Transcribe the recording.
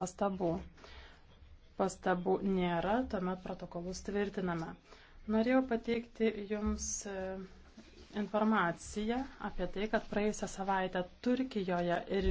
pastabų. Pastabų nėra, tuomet protokolus tvirtiname. Norėjau pateikti Jums e, informaciją apie tai, kad praėjusią savaitę Turkijoje ir